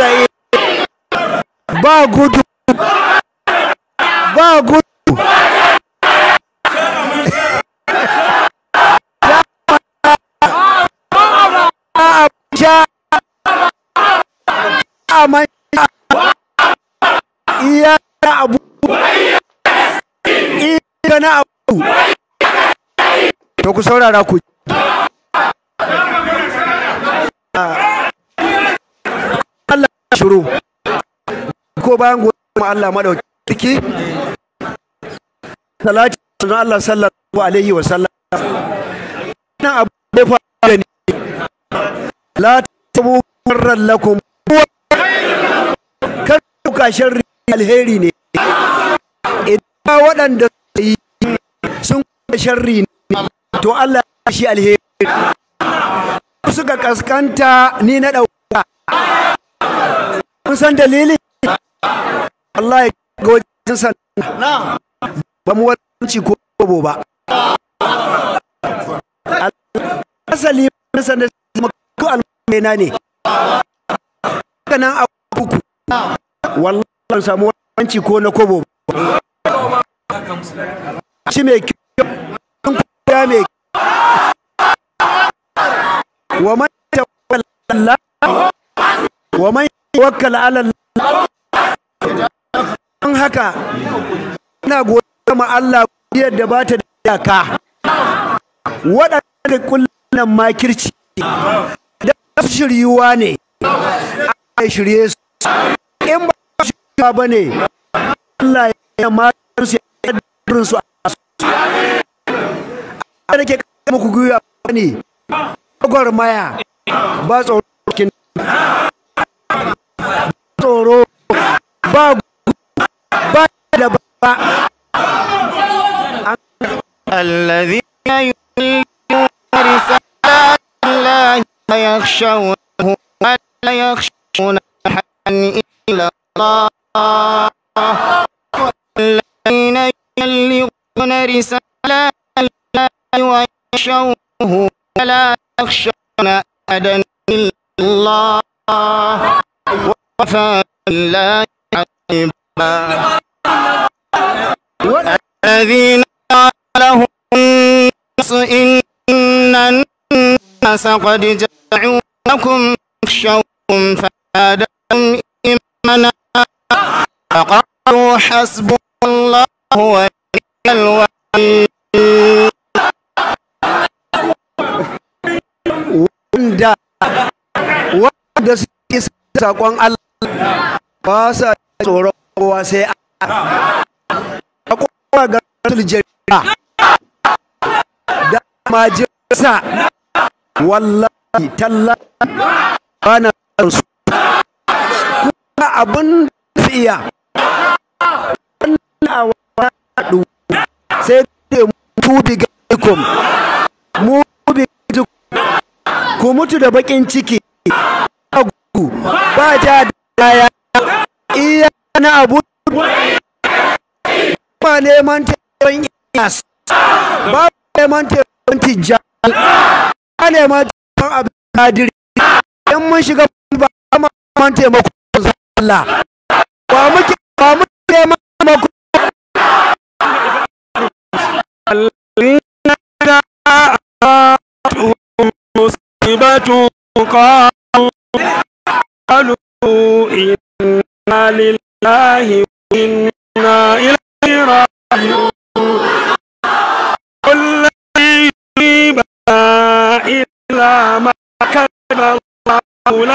aí. Bagulho. Bagulho. Já. Já. Mas. E a. E a. Tô com saudade, cuidado. shuru ko bayan gobe ma Allah madauki salati sunan Allah sallallahu alaihi wa sallam ina abu da faru da ni la tabu karran lakum kar ku sharri alheri ne idan waɗanda yi sun kuma sharri ne to Allah ya shi alheri suka kaskanta ni na ɗauka kun san dalili Allah ya ga wajen sannan ba mu wadanci ko bobo ba asali na sanda ko almena ne kana a kuku wallahi samu wadanci ko na kobo shi mai kyau ya mai wa man tawalla wa man wakala ala don haka ina godiya ma Allah godiyar da bata da iyaka waɗanda kullanan makirci da su shiryuwa ne a shirye su in ba su shiryuwa ba ne Allah ya matar su ya ɗarin su a su a da ke kama ku guya ba ne maya, ba tsoro الذين يؤمنون رسالة الله ويخشونه ولا يخشون أحدا إلا الله الذين يبلغون رسالة الله ويخشونه ولا يخشون أحدا إلا الله وكفى بالله الذين لهم الناس إن الناس قد جمعوا لكم فاخشوهم فزادهم إيمانا فقالوا حسبنا الله ونعم الوكيل wanda wanda suke saƙon الله باسا sa kowa sai a a kowa ga rasul jari'a da majisa wallahi ba na su kuma abin da su iya wannan a wadu sai da mu bi gaikum mu bi ku mutu da bakin ciki ba ja da ya wani abu ba neman taimakon ba neman taimakon tijjani ba neman taimakon mun shiga ba neman taimakon ba muke ba muke neman taimakon الله وإنا إليه راجعون قل لا إلا ما كتب الله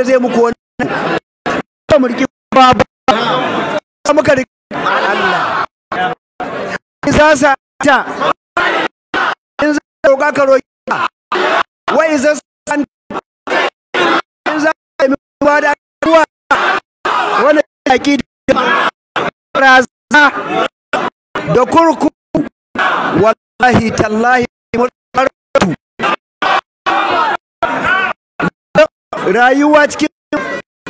da zai muku wani ba mu riki ba ba muka riki Allah in za sa ta in za ka roƙa ka roƙi ka wai za san in za ka yi ba da ruwa wani yaƙi da raza da kurku wallahi tallahi rayuwa cikin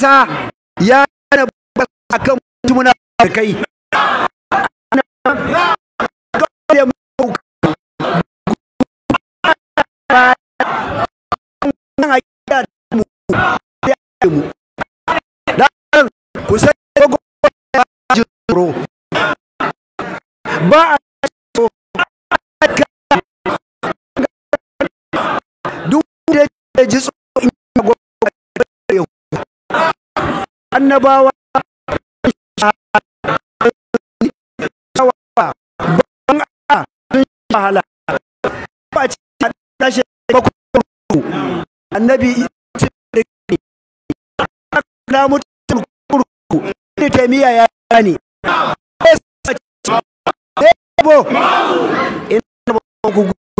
ta ya na akan na kai annabawa ban a sun wahala ba ce a tashi bakuru annabi na mutum kurku ne ya ne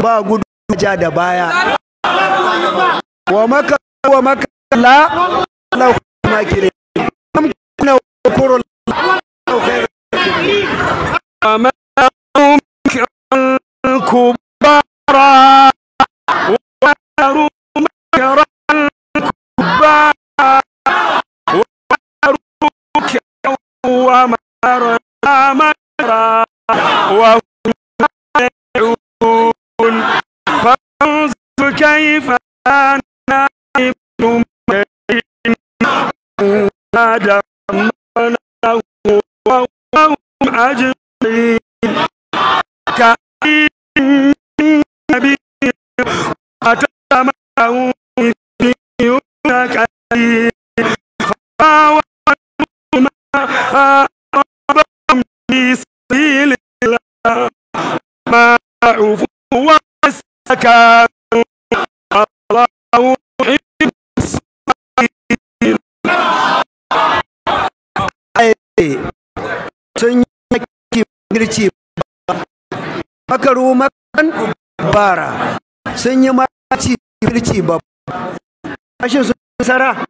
ba gudu ja da baya wa maka wa maka la la kuma kire وما مكر الكبار ومكر مكر الكبار ومكر مكر وهم يدعون فانظر كيف أنا ابن مريم ودمرناه وهم أجمعون فاولونا ربهم في سبيل الله ما عفوا واستكانوا الله يحب الصابرين sun yi girki makaru makan bara sun yi maci girki babba rashin sun sara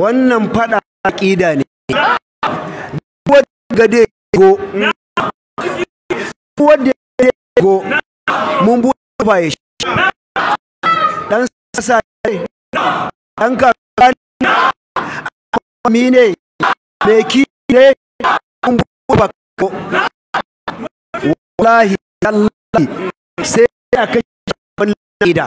wannan faɗa aƙida ne gade go wadda ya go mun buɗe faye shi ɗan sasa ne ɗan kasuwa ne amami ne beki ne mun buɗe bako wallahi tallahi sai a kashe abin da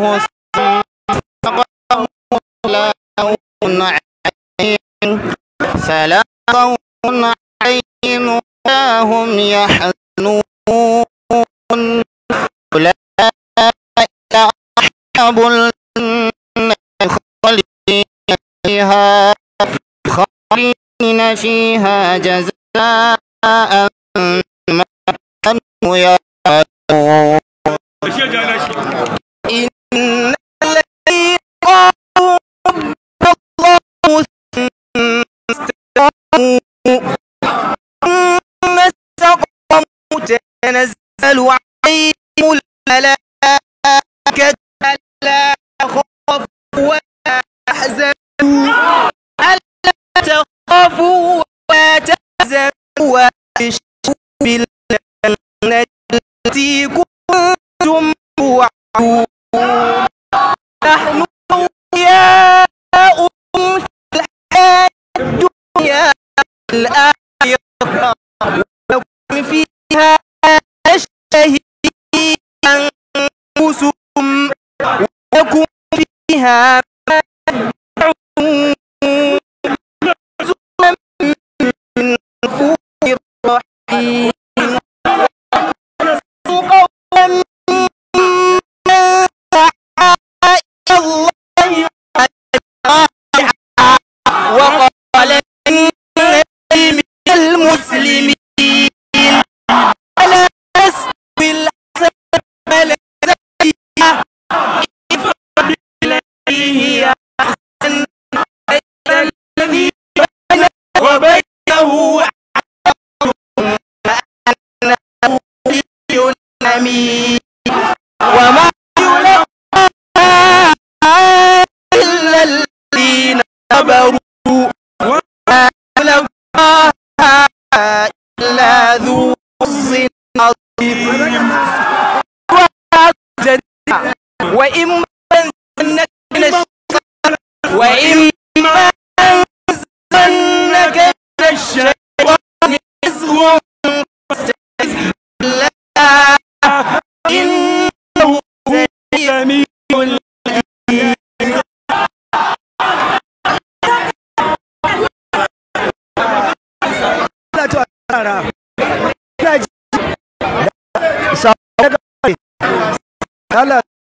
له سبقه لون عين فلا قوم عين ولا هم يحزنون أولئك أحب الجنة خالدين فيها خالدين فيها جزاء ما كانوا بالله التي كنتم توعدون نحن أولياؤكم في الحياة الدنيا الآخرة ولكم فيها تشتهي أنفسكم ولكم فيها وإما أنزلنك من الشيطان وإما من الشيطان نزغ فاستعذ بالله إنه Hello.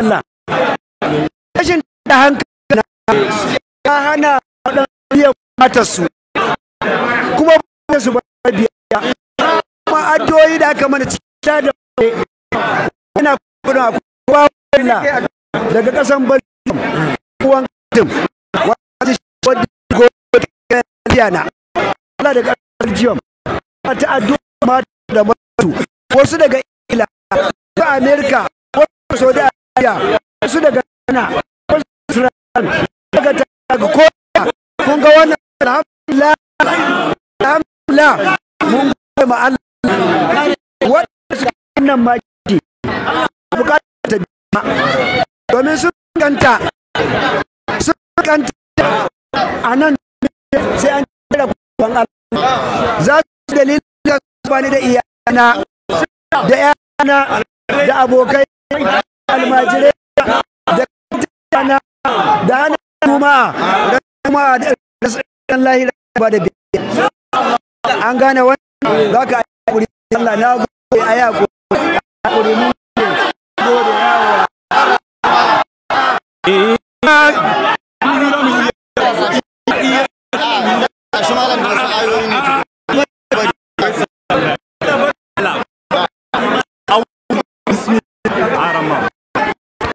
Allah rashin da hankali ya hana waɗannan mata su kuma ba su ba biya kuma addu'o'i da aka mana cikin da yana kuna kuma wanda daga kasan barkin kuwan katin wata wadda ko ta na Allah daga Belgium ta addu'a mata da masu wasu daga ila ta America Najeriya wasu daga Ghana wasu Israel daga daga kowa kun ga wannan alhamdulillah alhamdulillah mun gode ma Allah wanda suka wannan maki bukatar ta jima domin sun ganta sun ganta a nan sai an kira kwan Allah za su dalilin da su bani da iyana da iyana da abokai almajirai da kana da ana kuma kuma da rasulun ba da biya an gane wani za ka yi kuri Allah na gode a yako kuri mu ne gode yawa